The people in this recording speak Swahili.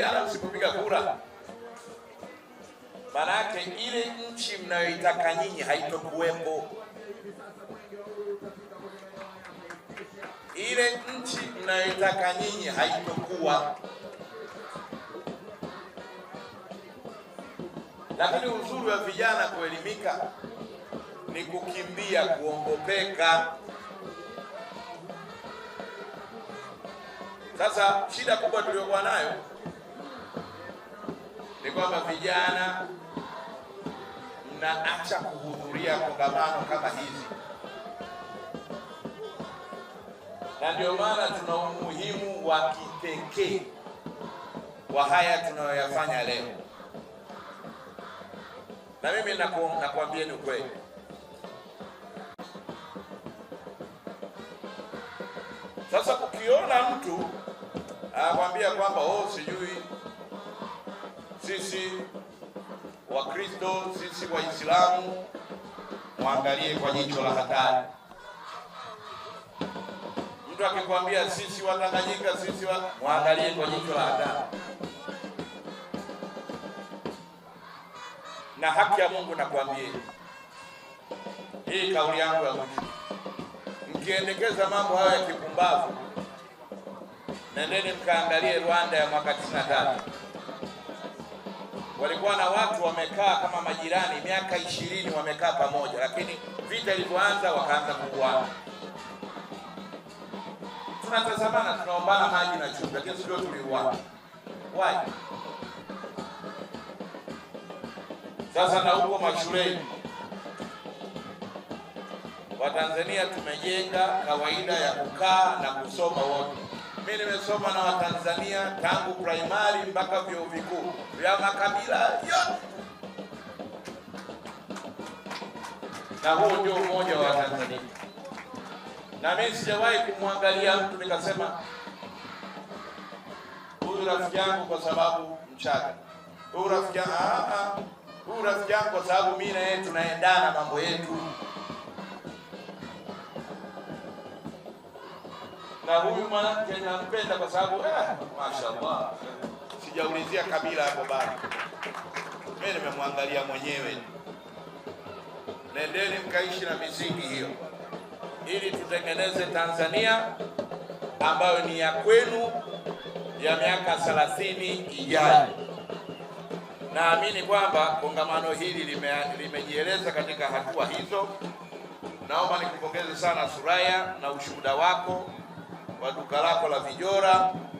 Jana msipopiga kura, manake ile nchi mnayoitaka nyinyi haitokuwepo. Ile nchi mnayoitaka nyinyi haitokuwa. Lakini uzuri wa vijana kuelimika ni kukimbia kuongopeka. Sasa shida kubwa tuliyokuwa nayo ni kwamba vijana mnaacha kuhudhuria kongamano kama hizi, na ndio maana tuna umuhimu wa kipekee wa haya tunayoyafanya leo, na mimi nakuambia ni ukweli Sasa ukiona mtu anakwambia kwamba oh, sijui sisi Wakristo, sisi Waislamu, mwangalie kwa jicho la hatari. Mtu akikwambia sisi Watanganyika, sisi wa... mwangalie kwa jicho la hatari na haki ya Mungu nakwambie, hii kauli yangu ya mwisho, mkiendekeza mambo haya ya kipumbavu, nendeni mkaangalie Rwanda ya mwaka 93 walikuwa na watu wamekaa kama majirani miaka ishirini wamekaa pamoja, lakini vita ilivyoanza wakaanza kuuana. Tunatazamana, tunaombana maji na chumvi, lakini sio tuliuana. Why? Sasa na huko mashuleni Watanzania tumejenga kawaida ya kukaa na kusoma wote. Mimi nimesoma na Watanzania tangu primary mpaka vyuo vikuu vya makabila yote, na huu ndio umoja wa Tanzania. Na mimi sijawahi kumwangalia mtu nikasema huyu rafiki yangu kwa sababu Mchaga, huyu rafiki ah, ah. yangu kwa sababu mimi na yeye tunaendana mambo yetu. na huyu mwanamke nampenda kwa sababu eh, mashaallah, sijaulizia kabila hapo bado mimi nimemwangalia mwenyewe. Nendeni mkaishi na misingi hiyo, ili tutengeneze Tanzania ambayo ni ya kwenu ya miaka 30 ijayo. Naamini kwamba kongamano hili limejieleza lime katika hatua hizo. Naomba nikupongeze sana Suraya na ushuhuda wako Valducalà con la Figliora